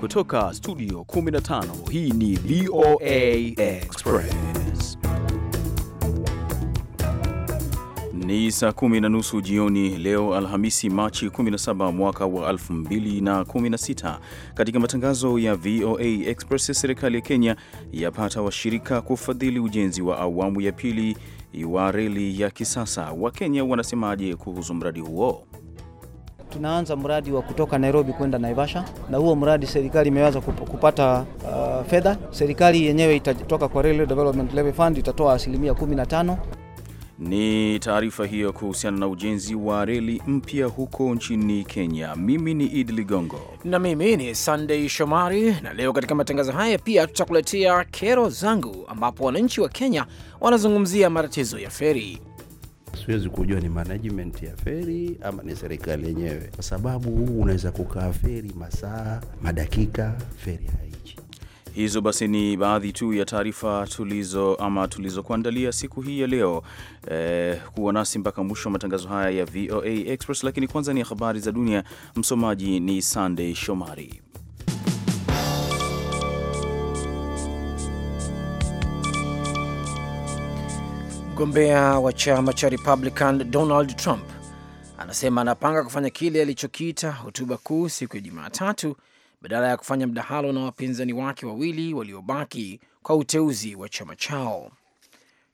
Kutoka studio 15 hii ni VOA Express. Ni saa kumi na nusu jioni leo Alhamisi, Machi 17 mwaka wa 2016. Katika matangazo ya VOA Express, serikali ya Kenya yapata washirika kufadhili ujenzi wa awamu ya pili wa reli ya kisasa. Wakenya wanasemaje kuhusu mradi huo? Tunaanza mradi wa kutoka Nairobi kwenda Naivasha, na huo mradi serikali imeweza kupata uh, fedha. Serikali yenyewe itatoka kwa Railway Development Levy Fund itatoa asilimia 15. Ni taarifa hiyo kuhusiana na ujenzi wa reli mpya huko nchini Kenya. Mimi ni Idi Ligongo na mimi ni Sunday Shomari, na leo katika matangazo haya pia tutakuletea kero zangu, ambapo wananchi wa Kenya wanazungumzia matatizo ya feri. Siwezi kujua ni management ya feri ama ni serikali yenyewe, kwa sababu unaweza kukaa feri masaa madakika, feri haichi. Hizo basi ni baadhi tu ya taarifa tulizo ama tulizokuandalia siku hii ya leo. Eh, kuwa nasi mpaka mwisho wa matangazo haya ya VOA Express, lakini kwanza ni habari za dunia. Msomaji ni sandey Shomari. Mgombea wa chama cha Republican Donald Trump anasema anapanga kufanya kile alichokiita hotuba kuu siku ya Jumatatu badala ya kufanya mdahalo na wapinzani wake wawili waliobaki kwa uteuzi wa chama chao.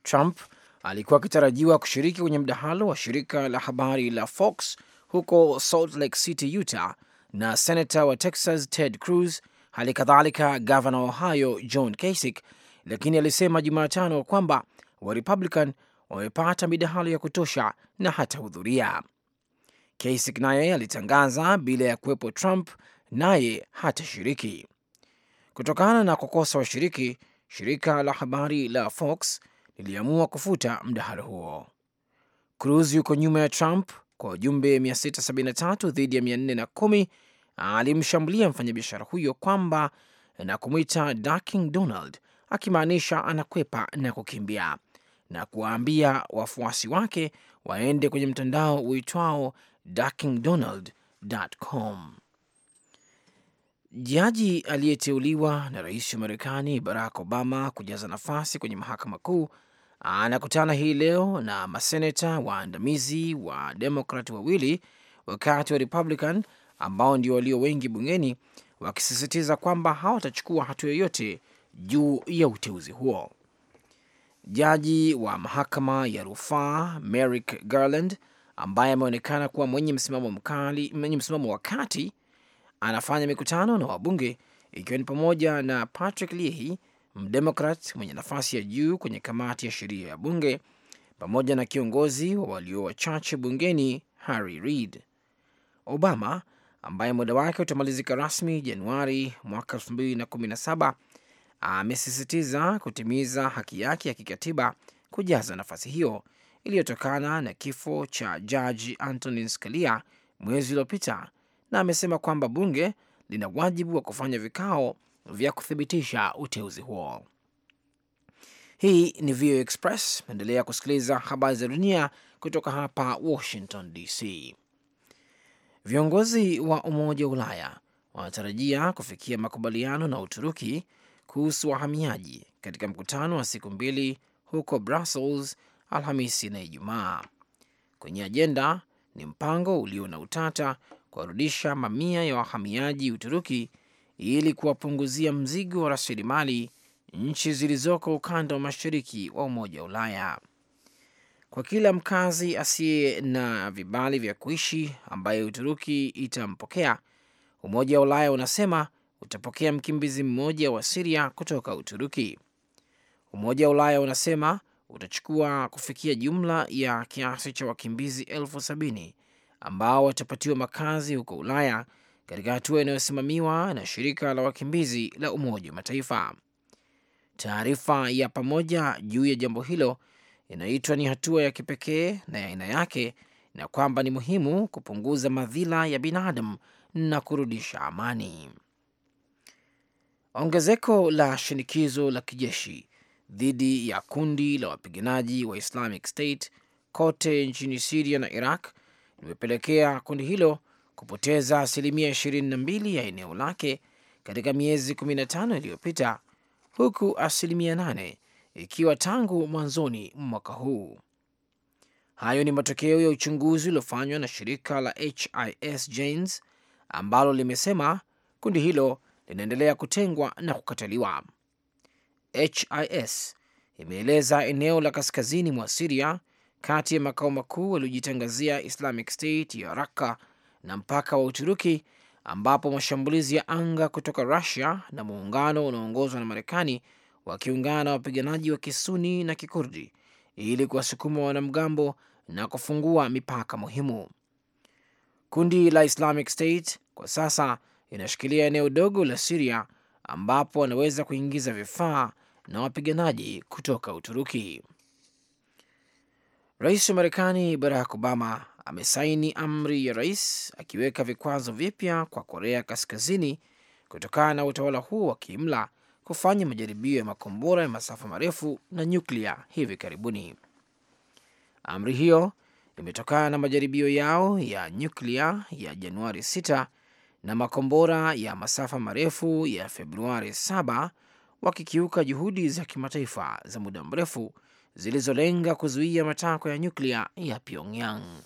Trump alikuwa akitarajiwa kushiriki kwenye mdahalo wa shirika la habari la Fox huko Salt Lake City, Utah na senata wa Texas Ted Cruz, hali kadhalika gavana wa Ohio John Kasich, lakini alisema Jumatano kwamba wa Republican wamepata midahalo ya kutosha na hatahudhuria. Kasich naye alitangaza bila ya kuwepo Trump, naye hatashiriki kutokana na kukosa washiriki. Shirika la habari la Fox liliamua kufuta mdahalo huo. Cruz yuko nyuma ya Trump kwa ujumbe 673 dhidi ya 410. Alimshambulia mfanyabiashara huyo kwamba na kumwita Ducking Donald, akimaanisha anakwepa na kukimbia na kuwaambia wafuasi wake waende kwenye mtandao uitwao duckingdonald.com. Jaji aliyeteuliwa na rais wa Marekani Barack Obama kujaza nafasi kwenye mahakama kuu anakutana hii leo na maseneta waandamizi wa Demokrat wawili, wakati wa Republican ambao ndio walio wengi bungeni wakisisitiza kwamba hawatachukua hatua yoyote juu ya uteuzi huo. Jaji wa mahakama ya rufaa Merrick Garland, ambaye ameonekana kuwa mwenye msimamo mkali, mwenye msimamo wa kati, anafanya mikutano na wabunge, ikiwa ni pamoja na Patrick Leahy, mdemokrat mwenye nafasi ya juu kwenye kamati ya sheria ya bunge, pamoja na kiongozi wa walio wachache bungeni Harry Reid. Obama ambaye muda wake utamalizika rasmi Januari mwaka 2017 amesisitiza kutimiza haki yake ya kikatiba kujaza nafasi hiyo iliyotokana na kifo cha jaji Antonin Scalia mwezi uliopita, na amesema kwamba bunge lina wajibu wa kufanya vikao vya kuthibitisha uteuzi huo. Hii ni VOA Express, naendelea kusikiliza habari za dunia kutoka hapa Washington DC. Viongozi wa Umoja wa Ulaya wanatarajia kufikia makubaliano na Uturuki kuhusu wahamiaji katika mkutano wa siku mbili huko Brussels Alhamisi na Ijumaa. Kwenye ajenda ni mpango ulio na utata kuwarudisha mamia ya wahamiaji Uturuki ili kuwapunguzia mzigo wa rasilimali nchi zilizoko ukanda wa mashariki wa Umoja wa Ulaya. Kwa kila mkazi asiye na vibali vya kuishi ambaye Uturuki itampokea, Umoja wa Ulaya unasema utapokea mkimbizi mmoja wa Siria kutoka Uturuki. Umoja wa Ulaya unasema utachukua kufikia jumla ya kiasi cha wakimbizi elfu sabini ambao watapatiwa makazi huko Ulaya katika hatua inayosimamiwa na shirika la wakimbizi la Umoja wa Mataifa. Taarifa ya pamoja juu ya jambo hilo inaitwa ni hatua ya kipekee na ya aina yake, na kwamba ni muhimu kupunguza madhila ya binadamu na kurudisha amani. Ongezeko la shinikizo la kijeshi dhidi ya kundi la wapiganaji wa Islamic State kote nchini Siria na Iraq limepelekea kundi hilo kupoteza asilimia 22 ya eneo lake katika miezi 15 iliyopita, huku asilimia 8 ikiwa tangu mwanzoni mwaka huu. Hayo ni matokeo ya uchunguzi uliofanywa na shirika la HIS Janes ambalo limesema kundi hilo linaendelea kutengwa na kukataliwa. HIS imeeleza eneo la kaskazini mwa Siria kati ya makao makuu waliojitangazia Islamic State ya raka na mpaka wa Uturuki ambapo mashambulizi ya anga kutoka Rusia na muungano unaoongozwa na Marekani wakiungana na wapiganaji wa Kisuni na Kikurdi ili kuwasukuma wanamgambo na kufungua mipaka muhimu. Kundi la Islamic State kwa sasa inashikilia eneo dogo la Siria ambapo wanaweza kuingiza vifaa na wapiganaji kutoka Uturuki. Rais wa Marekani Barack Obama amesaini amri ya rais akiweka vikwazo vipya kwa Korea Kaskazini kutokana na utawala huo wa kiimla kufanya majaribio ya makombora ya masafa marefu na nyuklia hivi karibuni. Amri hiyo imetokana na majaribio yao ya nyuklia ya Januari 6 na makombora ya masafa marefu ya Februari 7 wakikiuka juhudi za kimataifa za muda mrefu zilizolenga kuzuia matakwa ya nyuklia ya Pyongyang.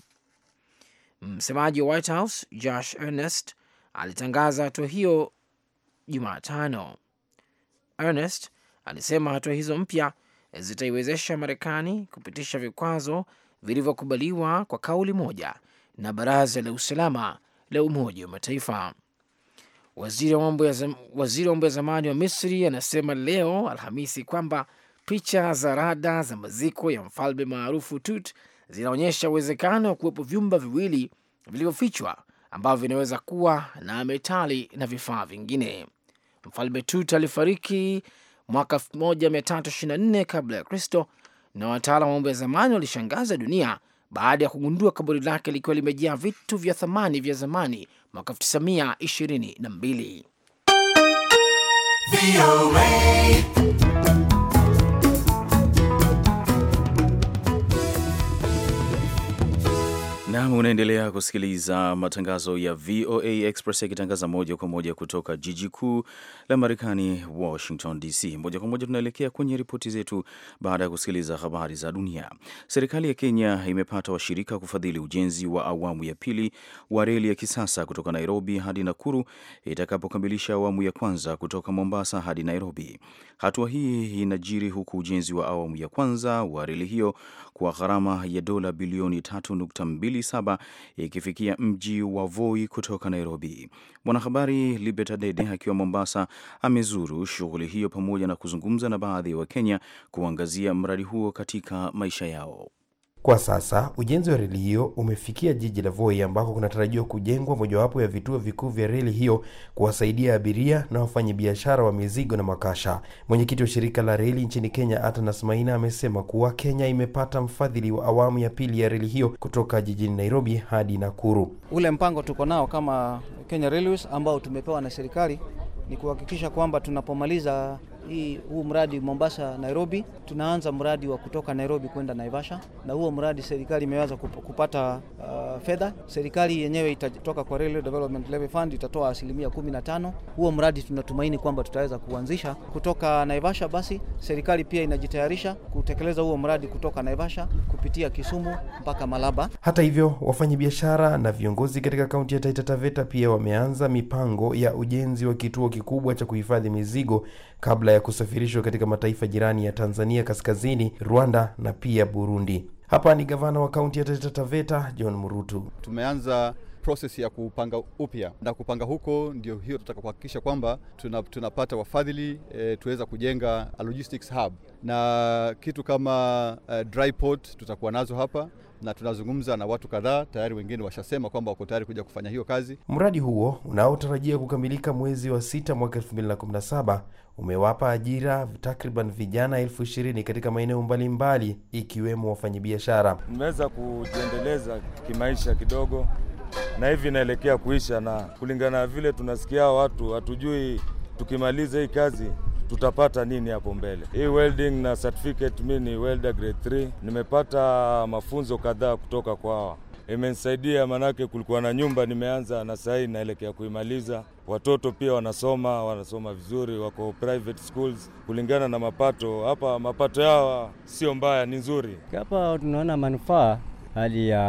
Msemaji wa White House Josh Ernest alitangaza hatua hiyo Jumatano. Ernest alisema hatua hizo mpya zitaiwezesha Marekani kupitisha vikwazo vilivyokubaliwa kwa kauli moja na Baraza la Usalama la Umoja wa Mataifa. Waziri wa mambo ya zamani wa Misri anasema leo Alhamisi kwamba picha za rada za maziko ya mfalme maarufu Tut zinaonyesha uwezekano wa kuwepo vyumba viwili vilivyofichwa ambavyo vinaweza kuwa na metali na vifaa vingine. Mfalme Tut alifariki mwaka 1324 kabla ya Kristo, na wataalam wa mambo ya zamani walishangaza dunia baada ya kugundua kaburi lake likiwa limejaa vitu vya thamani vya zamani mwaka 1922. Nam, unaendelea kusikiliza matangazo ya VOA Express yakitangaza moja kwa moja kutoka jiji kuu la Marekani, Washington DC. Moja kwa moja tunaelekea kwenye ripoti zetu baada ya kusikiliza habari za dunia. Serikali ya Kenya imepata washirika kufadhili ujenzi wa awamu ya pili wa reli ya kisasa kutoka Nairobi hadi Nakuru itakapokamilisha awamu ya kwanza kutoka Mombasa hadi Nairobi. Hatua hii inajiri huku ujenzi wa awamu ya kwanza wa reli hiyo kwa gharama ya dola bilioni 3.2 saba ikifikia mji wa Voi kutoka Nairobi. Mwanahabari Libet Adede akiwa Mombasa amezuru shughuli hiyo pamoja na kuzungumza na baadhi ya Wakenya kuangazia mradi huo katika maisha yao. Kwa sasa ujenzi wa reli hiyo umefikia jiji la Voi ambako kunatarajiwa kujengwa mojawapo ya vituo vikuu vya reli hiyo kuwasaidia abiria na wafanyabiashara wa mizigo na makasha. Mwenyekiti wa shirika la reli nchini Kenya, Atanas Maina, amesema kuwa Kenya imepata mfadhili wa awamu ya pili ya reli hiyo kutoka jijini Nairobi hadi Nakuru. Ule mpango tuko nao kama Kenya Railways ambao tumepewa na serikali ni kuhakikisha kwamba tunapomaliza hii huu mradi Mombasa Nairobi, tunaanza mradi wa kutoka Nairobi kwenda Naivasha, na huo mradi serikali imeweza kupata uh, fedha. Serikali yenyewe itatoka kwa Railway Development Level Fund itatoa asilimia kumi na tano. Huo mradi tunatumaini kwamba tutaweza kuanzisha kutoka Naivasha. Basi serikali pia inajitayarisha kutekeleza huo mradi kutoka Naivasha kupitia Kisumu mpaka Malaba. Hata hivyo, wafanyabiashara na viongozi katika kaunti ya Taita Taveta pia wameanza mipango ya ujenzi wa kituo kikubwa cha kuhifadhi mizigo kabla ya kusafirishwa katika mataifa jirani ya Tanzania kaskazini, Rwanda na pia Burundi. Hapa ni gavana wa kaunti ya Taita Taveta John Murutu. Tumeanza proses ya kupanga upya na kupanga huko, ndio hiyo tutaka kuhakikisha kwamba tunapata tuna wafadhili e, tuweza kujenga logistics hub na kitu kama uh, dry port tutakuwa nazo hapa na tunazungumza na watu kadhaa tayari, wengine washasema kwamba wako tayari kuja kufanya hiyo kazi. Mradi huo unaotarajia kukamilika mwezi wa sita mwaka saba umewapa ajira takriban vijana elfu ishirini katika maeneo mbalimbali ikiwemo wafanyabiashara. Nimeweza kujiendeleza kimaisha kidogo, na hivi inaelekea kuisha, na kulingana na vile tunasikia watu, hatujui tukimaliza hii kazi tutapata nini hapo mbele. Hii welding na certificate, mimi ni welder grade 3, nimepata mafunzo kadhaa kutoka kwao imenisaidia manake, kulikuwa na nyumba nimeanza na sahii naelekea kuimaliza. Watoto pia wanasoma, wanasoma vizuri, wako private schools kulingana na mapato. Hapa mapato yao sio mbaya, ni nzuri. Hapa tunaona manufaa hali ya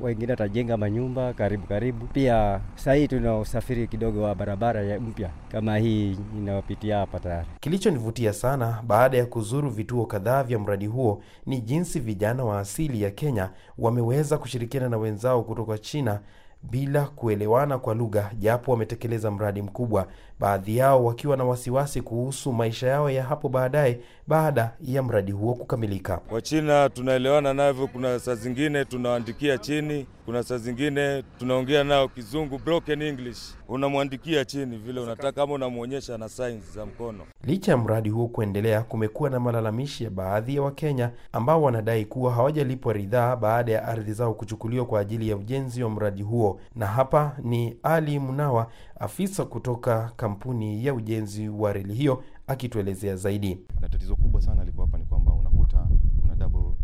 wengine watajenga manyumba karibu karibu. Pia saa hii tuna usafiri kidogo wa barabara ya mpya kama hii inayopitia hapa tayari. Kilichonivutia sana baada ya kuzuru vituo kadhaa vya mradi huo ni jinsi vijana wa asili ya Kenya wameweza kushirikiana na wenzao kutoka China bila kuelewana kwa lugha, japo wametekeleza mradi mkubwa baadhi yao wakiwa na wasiwasi kuhusu maisha yao ya hapo baadaye baada ya mradi huo kukamilika. Wachina tunaelewana navyo, kuna saa zingine tunaandikia chini, kuna saa zingine tunaongea nao kizungu, broken English, unamwandikia chini vile unataka ama unamwonyesha na signs za mkono. Licha ya mradi huo kuendelea, kumekuwa na malalamishi ya baadhi ya Wakenya ambao wanadai kuwa hawajalipwa ridhaa baada ya ardhi zao kuchukuliwa kwa ajili ya ujenzi wa mradi huo, na hapa ni Ali Munawa afisa kutoka kampuni ya ujenzi wa reli hiyo akituelezea zaidi. Na tatizo kubwa sana liko hapa ni kwamba unakuta kuna double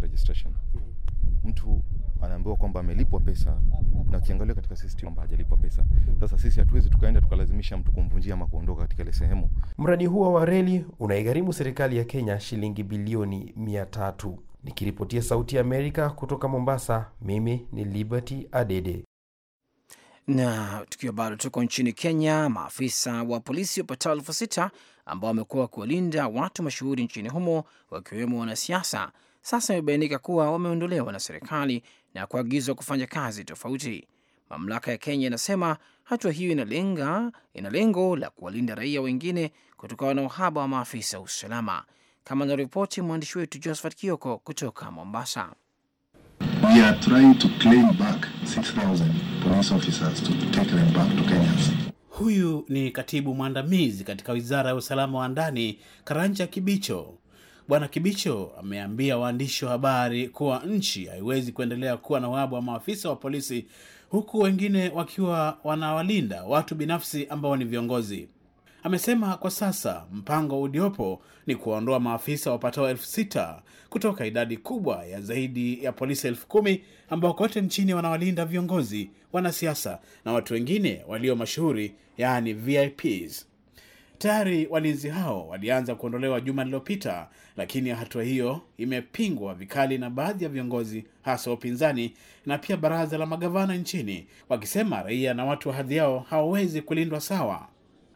registration, mhm. mtu anaambiwa kwamba amelipwa pesa na ukiangalia katika system kwamba hajalipwa pesa. Sasa sisi hatuwezi tukaenda tukalazimisha mtu kumvunjia ama kuondoka katika ile sehemu. Mradi huo wa reli unaigharimu serikali ya Kenya shilingi bilioni mia tatu. Nikiripotia Sauti ya Amerika kutoka Mombasa, mimi ni Liberty Adede. Na tukiwa bado tuko nchini Kenya, maafisa wa polisi wapatao elfu sita ambao wamekuwa wakiwalinda watu mashuhuri nchini humo wakiwemo wanasiasa, sasa imebainika kuwa wameondolewa na serikali na kuagizwa kufanya kazi tofauti. Mamlaka ya Kenya inasema hatua hiyo inalenga ina lengo la kuwalinda raia wengine kutokana na uhaba wa maafisa wa usalama, kama anaripoti mwandishi wetu Josephat Kioko kutoka Mombasa we are trying to claim back 6000 police officers to take them back to Kenya. Huyu ni katibu mwandamizi katika Wizara ya Usalama wa Ndani, Karanja Kibicho. Bwana Kibicho ameambia waandishi wa habari kuwa nchi haiwezi kuendelea kuwa na uhaba wa maafisa wa polisi huku wengine wakiwa wanawalinda watu binafsi ambao ni viongozi amesema kwa sasa mpango uliopo ni kuwaondoa maafisa wapatao elfu sita kutoka idadi kubwa ya zaidi ya polisi elfu kumi ambao kote nchini wanawalinda viongozi, wanasiasa na watu wengine walio mashuhuri, yaani VIPs. Tayari walinzi hao walianza kuondolewa juma lililopita, lakini hatua hiyo imepingwa vikali na baadhi ya viongozi hasa upinzani na pia baraza la magavana nchini, wakisema raia na watu wa hadhi yao hawawezi kulindwa sawa.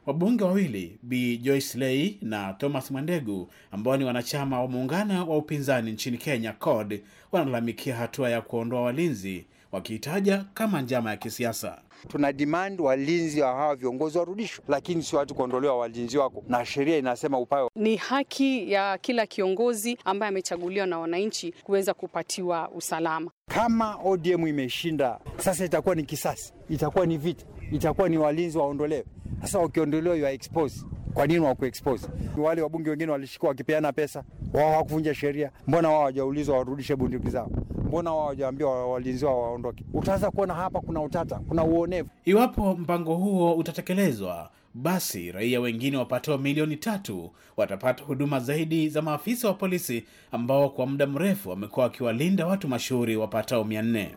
Wabunge wawili Bi Joyce Lei na Thomas Mwandegu ambao ni wanachama wa muungano wa upinzani nchini Kenya cod wanalalamikia hatua ya kuondoa walinzi wakiitaja kama njama ya kisiasa. Tuna dimand walinzi wa hawa viongozi warudishwe, lakini sio watu kuondolewa walinzi wako, na sheria inasema upayo. Ni haki ya kila kiongozi ambaye amechaguliwa na wananchi kuweza kupatiwa usalama. Kama ODM imeshinda sasa, itakuwa ni kisasi, itakuwa ni vita itakuwa ni walinzi waondolewe. Sasa wakiondolewa you are exposed. Kwa nini wakuexpose? Ni wale wabunge wengine walishikwa wakipeana pesa, wao hawakuvunja sheria, mbona wao hawajaulizwa warudishe bunduki zao? Mbona wao hawajaambiwa walinzi wao waondoke? Utaanza kuona hapa kuna utata, kuna uonevu. Iwapo mpango huo utatekelezwa, basi raia wengine wapatao milioni tatu watapata huduma zaidi za maafisa wa polisi ambao kwa muda mrefu wamekuwa wakiwalinda watu mashuhuri wapatao mia nne.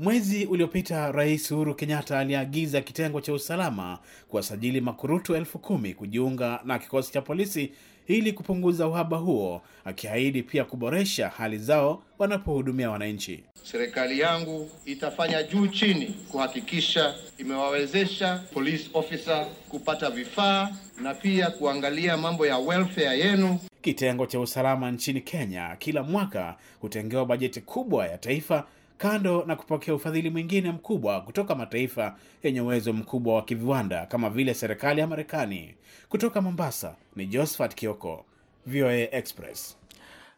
Mwezi uliopita Rais Uhuru Kenyatta aliagiza kitengo cha usalama kuwasajili makurutu elfu kumi kujiunga na kikosi cha polisi ili kupunguza uhaba huo, akiahidi pia kuboresha hali zao wanapohudumia wananchi. Serikali yangu itafanya juu chini kuhakikisha imewawezesha police officer kupata vifaa na pia kuangalia mambo ya welfare yenu. Kitengo cha usalama nchini Kenya kila mwaka hutengewa bajeti kubwa ya taifa kando na kupokea ufadhili mwingine mkubwa kutoka mataifa yenye uwezo mkubwa wa kiviwanda kama vile serikali ya Marekani. Kutoka Mombasa ni Josephat Kioko, VOA Express.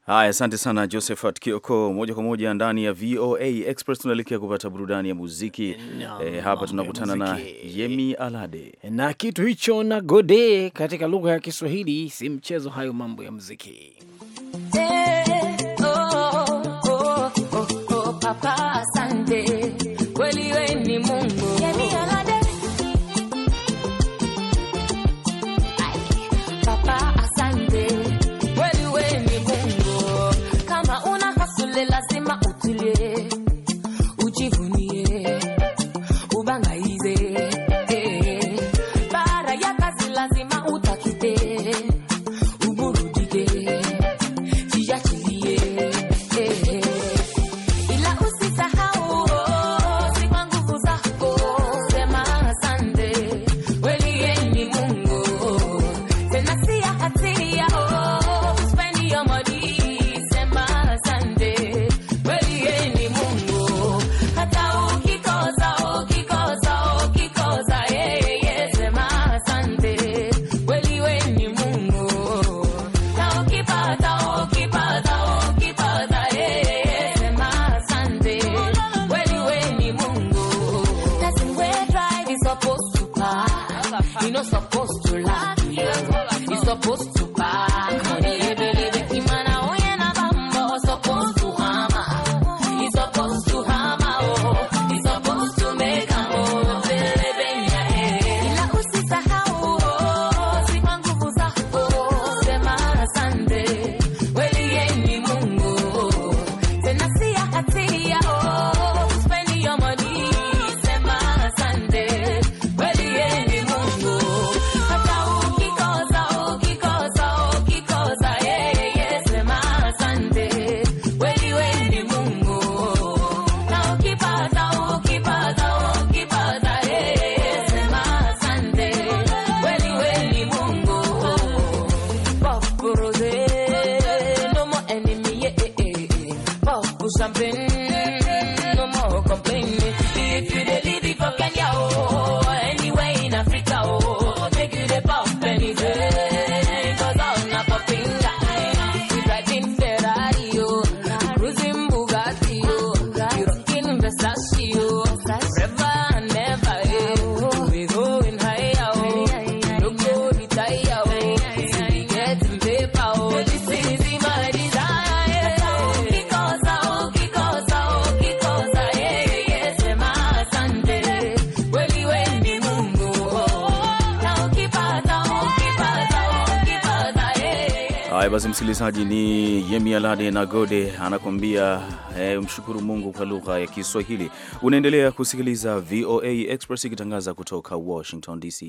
Haya, asante sana Josephat Kioko. Moja kwa moja ndani ya VOA Express tunaelekea kupata burudani ya muziki no, e, eh, hapa tunakutana na Yemi Alade na kitu hicho na Gode katika lugha ya Kiswahili. Si mchezo hayo mambo ya muziki hey. papa, asante kweli, we ni Mungu. Yemi Alade, papa, asante kweli, we ni Mungu. Kama una hasule lazima utulie, ujivunie, ubangaize basi msikilizaji, ni Yemi Alade na Gode anakuambia eh, mshukuru Mungu kwa lugha ya Kiswahili. Unaendelea kusikiliza VOA Express ikitangaza kutoka Washington DC.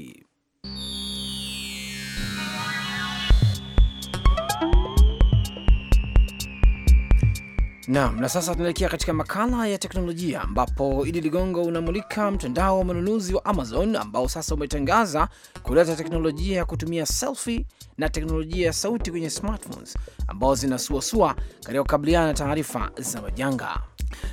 Naam, na sasa tunaelekea katika makala ya teknolojia ambapo Idi Ligongo unamulika mtandao wa manunuzi wa Amazon ambao sasa umetangaza kuleta teknolojia ya kutumia selfie na teknolojia ya sauti kwenye smartphones ambao zinasuasua katika kukabiliana na taarifa za majanga.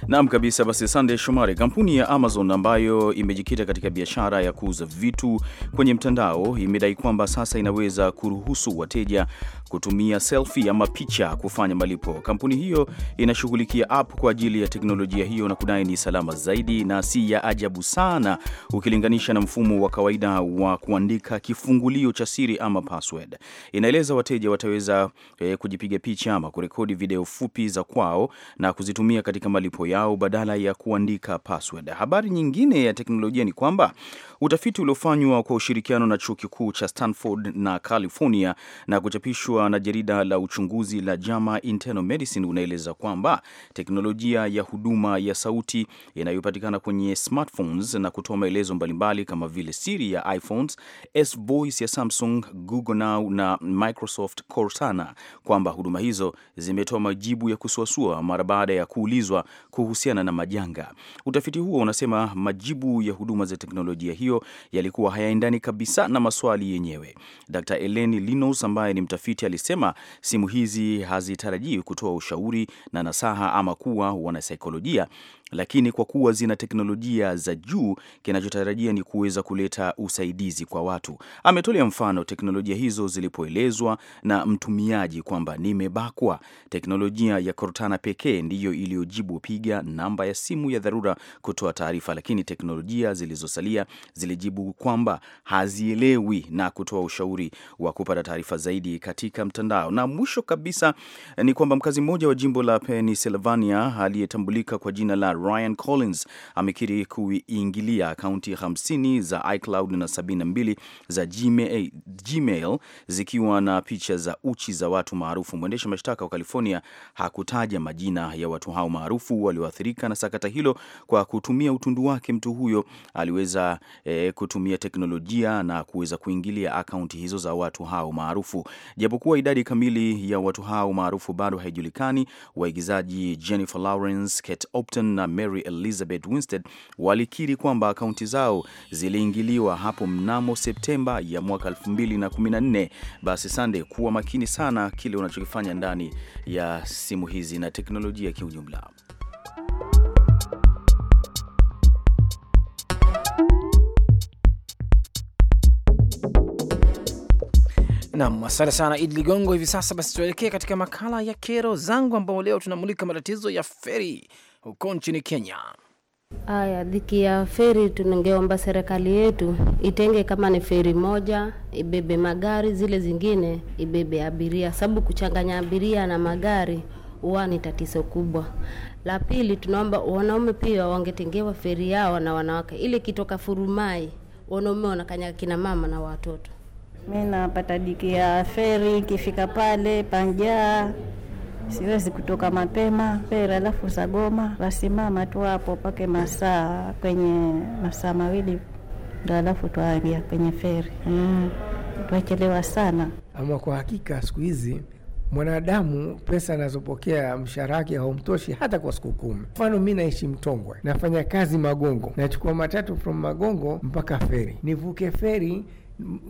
Naam kabisa. Basi sandey Shomari, kampuni ya Amazon ambayo imejikita katika biashara ya kuuza vitu kwenye mtandao imedai kwamba sasa inaweza kuruhusu wateja kutumia selfie ama picha kufanya malipo. Kampuni hiyo inashughulikia app kwa ajili ya teknolojia hiyo na kudai ni salama zaidi na si ya ajabu sana ukilinganisha na mfumo wa kawaida wa kuandika kifungulio cha siri ama password. Inaeleza wateja wataweza e, kujipiga picha ama kurekodi video fupi za kwao na kuzitumia katika malipo yao badala ya kuandika password. Habari nyingine ya teknolojia ni kwamba utafiti uliofanywa kwa ushirikiano na chuo kikuu cha Stanford na California na kuchapishwa ukiwa na jarida la uchunguzi la JAMA Internal Medicine unaeleza kwamba teknolojia ya huduma ya sauti inayopatikana kwenye smartphones na kutoa maelezo mbalimbali kama vile Siri ya iPhones, S Voice ya Samsung, Google Now na Microsoft Cortana, kwamba huduma hizo zimetoa majibu ya kusuasua mara baada ya kuulizwa kuhusiana na majanga. Utafiti huo unasema majibu ya huduma za teknolojia hiyo yalikuwa hayaendani kabisa na maswali yenyewe. Dr. Eleni Linos ambaye ni mtafiti alisema simu hizi hazitarajii kutoa ushauri na nasaha ama kuwa wanasaikolojia lakini kwa kuwa zina teknolojia za juu, kinachotarajia ni kuweza kuleta usaidizi kwa watu. Ametolea mfano teknolojia hizo zilipoelezwa na mtumiaji kwamba nimebakwa. Teknolojia ya Cortana pekee ndiyo iliyojibu piga namba ya simu ya dharura kutoa taarifa, lakini teknolojia zilizosalia zilijibu kwamba hazielewi na kutoa ushauri wa kupata taarifa zaidi katika mtandao. Na mwisho kabisa ni kwamba mkazi mmoja wa jimbo la Pennsylvania aliyetambulika kwa jina la Ryan Collins amekiri kuingilia akaunti 50 za iCloud na 72 za Gmail, zikiwa na picha za uchi za watu maarufu. Mwendesha mashtaka wa California hakutaja majina ya watu hao maarufu walioathirika na sakata hilo. Kwa kutumia utundu wake, mtu huyo aliweza e, kutumia teknolojia na kuweza kuingilia akaunti hizo za watu hao maarufu. Japokuwa idadi kamili ya watu hao maarufu bado haijulikani, waigizaji Jennifer Lawrence, Kate Upton na Mary Elizabeth Winstead walikiri kwamba akaunti zao ziliingiliwa hapo mnamo Septemba ya mwaka 2014. Basi Sande, kuwa makini sana kile unachokifanya ndani ya simu hizi na teknolojia kiujumla. Nam, asante sana Idi Ligongo. Hivi sasa basi tuelekee katika makala ya kero zangu, ambao leo tunamulika matatizo ya feri huko nchini Kenya. Aya, dhiki ya feri, tungeomba serikali yetu itenge kama ni feri moja ibebe magari, zile zingine ibebe abiria, sababu kuchanganya abiria na magari huwa ni tatizo kubwa. La pili, tunaomba wanaume pia wangetengewa feri yao na wanawake, ili kitoka Furumai wanaume wanakanyaga kina mama na watoto. Mi napata dhiki ya feri, ikifika pale panjaa siwezi kutoka mapema pera, alafu zagoma wasimama tu hapo pake masaa kwenye masaa mawili ndo alafu twaangia kwenye feri mm. Twachelewa sana. Ama kwa hakika siku hizi mwanadamu pesa anazopokea mshahara wake haumtoshi hata kwa siku kumi. Mfano, mi naishi Mtongwe, nafanya kazi Magongo, nachukua matatu from Magongo mpaka feri, nivuke feri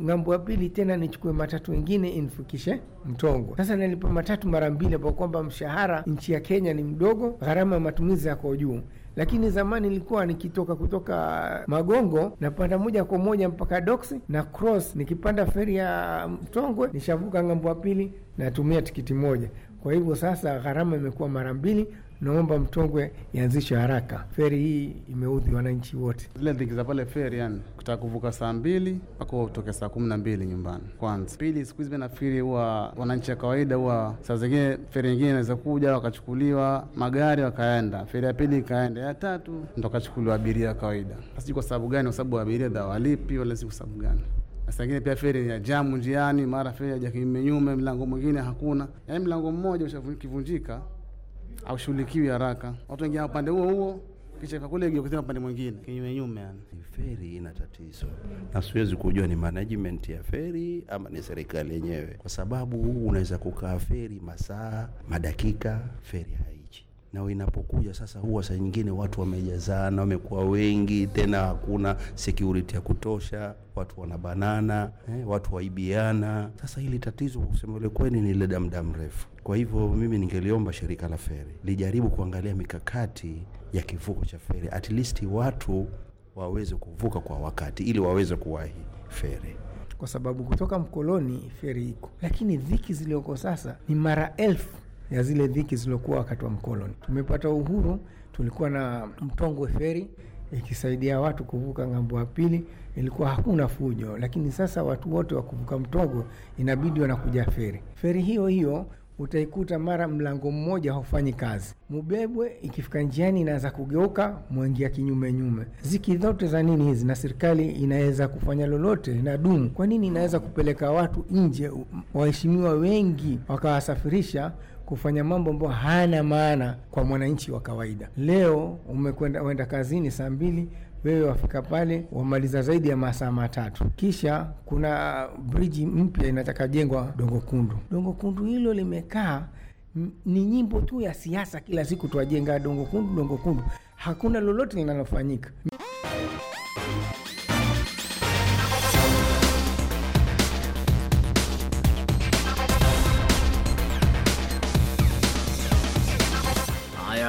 ng'ambo ya pili tena nichukue matatu wengine infikishe Mtongwe. Sasa nalipa matatu mara mbili, ambao kwamba mshahara nchi ya Kenya ni mdogo, gharama ya matumizi yako juu lakini zamani nilikuwa nikitoka kutoka Magongo napanda moja kwa moja mpaka Doksi na Cross, nikipanda feri ya Mtongwe nishavuka ng'ambo ya pili, natumia tikiti moja. Kwa hivyo sasa gharama imekuwa mara mbili, naomba Mtongwe ianzishwe haraka. Feri hii imeudhi wananchi wote, zile dhiki za pale feri, yani kutaka kuvuka saa mbili mpaka utoke saa kumi na mbili nyumbani kwanza. Pili, siku hizi nafikiri huwa wananchi wa kawaida huwa saa zingine feri nyingine inaweza kuja wakachukuliwa magari wakaenda, feri ya pili ikaenda, ya tatu ndo akachukuliwa abiria wa kawaida. Sijui kwa sababu gani, kwa sababu abiria hawalipi wala si kwa sababu gani Sangine pia feri ya jamu njiani, mara feri ya kinyume mlango mwingine hakuna, yaani mlango mmoja ukivunjika haushughulikiwi haraka, watu wengi upande huo huo kisha kakule mwingine kinyume nyume. Yani feri ina tatizo, na siwezi kujua ni management ya feri ama ni serikali yenyewe, kwa sababu unaweza kukaa feri masaa madakika, feri haiji na inapokuja sasa, huwa saa nyingine watu wamejazana, wamekuwa wengi, tena hakuna security ya kutosha, watu wanabanana eh, watu waibiana. Sasa hili tatizo kusema kweli ni leda muda mrefu kwa hivyo mimi ningeliomba shirika la feri lijaribu kuangalia mikakati ya kivuko cha feri, at least watu waweze kuvuka kwa wakati ili waweze kuwahi feri kwa sababu kutoka mkoloni feri iko, lakini dhiki zilioko sasa ni mara elfu ya zile dhiki zilizokuwa wakati wa mkoloni. Tumepata uhuru, tulikuwa na mtongwe feri ikisaidia watu kuvuka ng'ambo ya pili, ilikuwa hakuna fujo, lakini sasa watu wote wa kuvuka mtogo inabidi wanakuja feri. Feri hiyo hiyo utaikuta mara mlango mmoja haufanyi kazi. Mubebwe ikifika njiani inaweza kugeuka, mwengia kinyume nyume. Ziki zote za nini hizi? Na serikali inaweza kufanya lolote na dumu? Kwa nini inaweza kupeleka watu nje, waheshimiwa wengi wakawasafirisha kufanya mambo ambayo hana maana kwa mwananchi wa kawaida? Leo umekwenda kazini saa mbili wewe wafika pale wamaliza zaidi ya masaa matatu. Kisha kuna briji mpya inataka jengwa Dongo Kundu. Dongo Kundu hilo limekaa ni nyimbo tu ya siasa, kila siku twajenga Dongo Kundu, Dongo Kundu, hakuna lolote linalofanyika.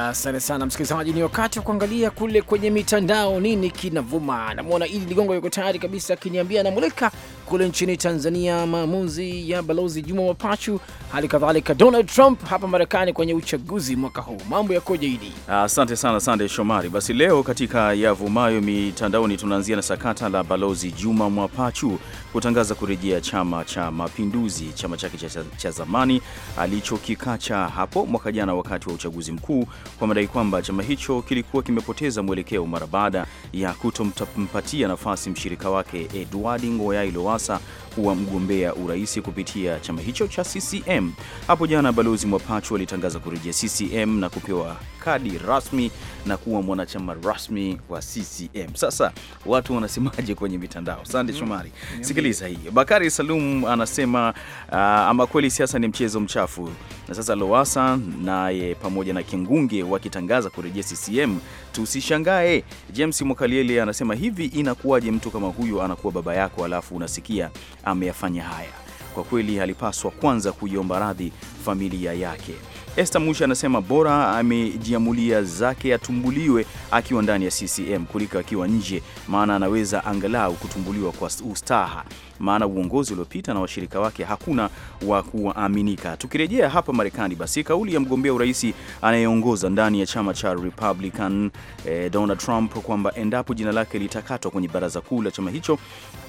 Asante sana msikilizaji, ni wakati wa kuangalia kule kwenye mitandao, nini kinavuma. Namwona Idi Ligongo yuko tayari kabisa akiniambia anamulika kule nchini Tanzania, maamuzi ya balozi Juma Mapachu, hali kadhalika Donald Trump hapa Marekani kwenye uchaguzi mwaka huu, mambo yakoje? Idi, asante sana Sande Shomari. Basi leo katika yavumayo mitandaoni tunaanzia na sakata la balozi Juma Mapachu kutangaza kurejea Chama cha Mapinduzi, chama chake cha, cha zamani alichokikacha hapo mwaka jana wakati wa uchaguzi mkuu kwa madai kwamba chama hicho kilikuwa kimepoteza mwelekeo mara baada ya kutompatia nafasi mshirika wake Edward Ngoyai Lowassa Донбасса wa mgombea urais kupitia chama hicho cha CCM. Hapo jana Balozi Mwapachu alitangaza kurejea CCM na kupewa kadi rasmi na kuwa mwanachama rasmi wa CCM. Sasa watu wanasemaje kwenye mitandao? Sande mm-hmm. Shomari, sikiliza hii. Bakari Salum anasema uh, ama kweli siasa ni mchezo mchafu, na sasa Lowasa naye pamoja na Kingunge wakitangaza kurejea CCM tusishangae. James Mwakaliele anasema hivi, inakuwaje mtu kama huyu anakuwa baba yako alafu unasikia ameyafanya haya. Kwa kweli alipaswa kwanza kuiomba radhi familia yake. Esther Musha anasema bora amejiamulia zake atumbuliwe akiwa ndani ya CCM kuliko akiwa nje, maana anaweza angalau kutumbuliwa kwa ustaha maana uongozi uliopita na washirika wake hakuna wa kuaminika. Tukirejea hapa Marekani, basi kauli ya mgombea urais anayeongoza ndani ya chama cha Republican eh, Donald Trump kwamba endapo jina lake litakatwa kwenye baraza kuu la chama hicho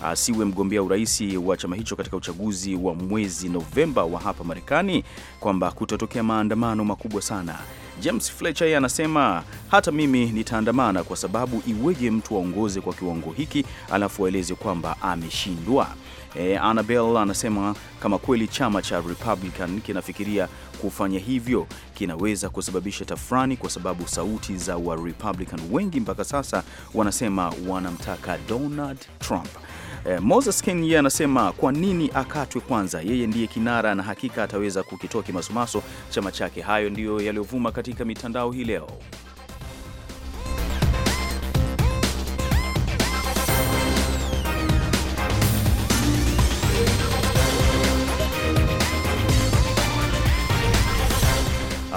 asiwe mgombea urais wa chama hicho katika uchaguzi wa mwezi Novemba wa hapa Marekani, kwamba kutatokea maandamano makubwa sana. James Fletcher yeye anasema hata mimi nitaandamana, kwa sababu iweje mtu aongoze kwa kiwango hiki alafu aeleze kwamba ameshindwa. E, Annabel anasema kama kweli chama cha Republican kinafikiria kufanya hivyo kinaweza kusababisha tafrani, kwa sababu sauti za wa Republican wengi mpaka sasa wanasema wanamtaka Donald Trump. E, Moses Ken yeye anasema kwa nini akatwe kwanza? Yeye ndiye kinara na hakika ataweza kukitoa kimasomaso chama chake. Hayo ndiyo yaliyovuma katika mitandao hii leo.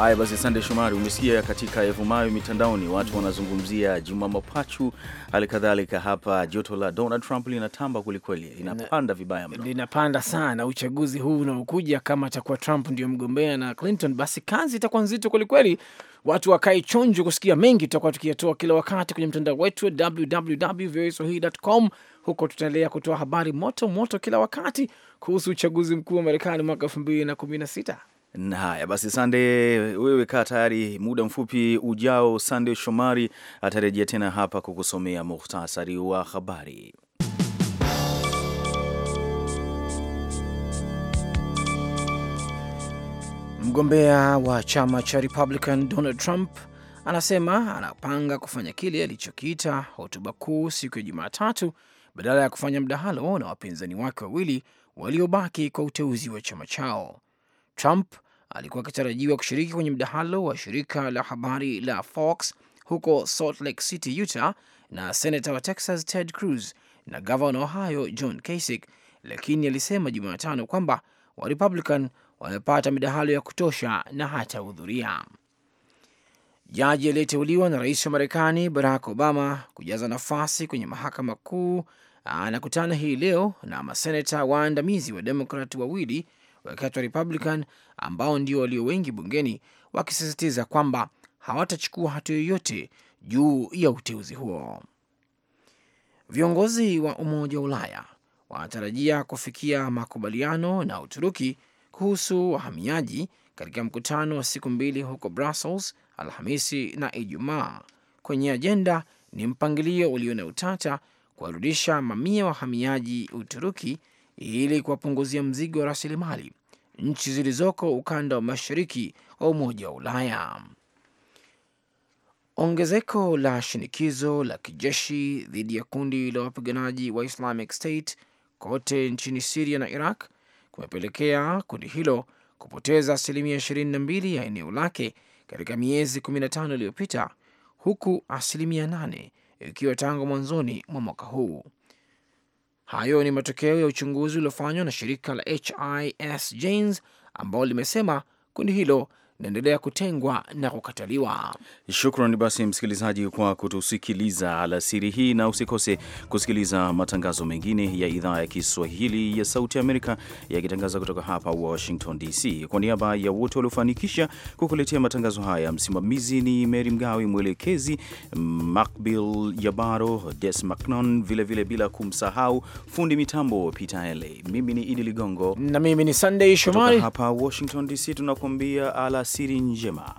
Haya basi, asante Shomari. Umesikia katika evumayo mitandaoni watu wanazungumzia Juma Mapachu, hali kadhalika hapa joto la Donald Trump linatamba kwelikweli, linapanda vibaya mno, linapanda sana. Uchaguzi huu unaokuja, kama atakuwa Trump ndio mgombea na Clinton, basi kazi itakuwa nzito kwelikweli. Watu wakae chonjo kusikia mengi, tutakuwa tukiyatoa kila wakati kwenye mtandao wetu www.voaswahili.com. Huko tutaendelea kutoa habari moto moto kila wakati kuhusu uchaguzi mkuu wa Marekani mwaka elfu mbili na kumi na sita. Haya basi, Sande wewe kaa tayari, muda mfupi ujao Sande Shomari atarejea tena hapa kukusomea muhtasari wa habari. Mgombea wa chama cha Republican Donald Trump anasema anapanga kufanya kile alichokiita hotuba kuu siku ya Jumatatu badala ya kufanya mdahalo na wapinzani wake wawili waliobaki kwa uteuzi wa chama chao. Trump alikuwa akitarajiwa kushiriki kwenye mdahalo wa shirika la habari la Fox huko Salt Lake City, Utah na senata wa Texas Ted Cruz na gavana wa Ohio John Kasich, lakini alisema Jumatano kwamba Warepublican wamepata midahalo ya kutosha na hatahudhuria. Jaji aliyeteuliwa na rais wa Marekani Barack Obama kujaza nafasi kwenye mahakama kuu anakutana hii leo na maseneta waandamizi wa Demokrat wawili kati wa Republican ambao ndio walio wengi bungeni wakisisitiza kwamba hawatachukua hatua yoyote juu ya uteuzi huo. Viongozi wa Umoja wa Ulaya wanatarajia kufikia makubaliano na Uturuki kuhusu wahamiaji katika mkutano wa siku mbili huko Brussels Alhamisi na Ijumaa. Kwenye ajenda ni mpangilio ulio na utata kuwarudisha mamia wahamiaji Uturuki ili kuwapunguzia mzigo wa rasilimali nchi zilizoko ukanda wa mashariki wa Umoja wa Ulaya. Ongezeko la shinikizo la kijeshi dhidi ya kundi la wapiganaji wa Islamic State kote nchini Siria na Iraq kumepelekea kundi hilo kupoteza asilimia 22 ya eneo lake katika miezi 15 iliyopita, huku asilimia 8 ikiwa tangu mwanzoni mwa mwaka huu. Hayo ni matokeo ya uchunguzi uliofanywa na shirika la HIS Janes ambao limesema kundi hilo inaendelea kutengwa na kukataliwa. Shukrani basi msikilizaji kwa kutusikiliza alasiri hii, na usikose kusikiliza matangazo mengine ya idhaa ya Kiswahili ya Sauti Amerika yakitangaza kutoka hapa Washington DC. Kwa niaba ya wote waliofanikisha kukuletea matangazo haya, msimamizi ni Mary Mgawe, mwelekezi Macbil Yabaro, Des Macnon, vilevile bila kumsahau fundi mitambo Peter Ele. Mimi ni Idi Ligongo na mimi ni Sunday Shomari hapa Washington DC, tunakuambia alas alasiri njema.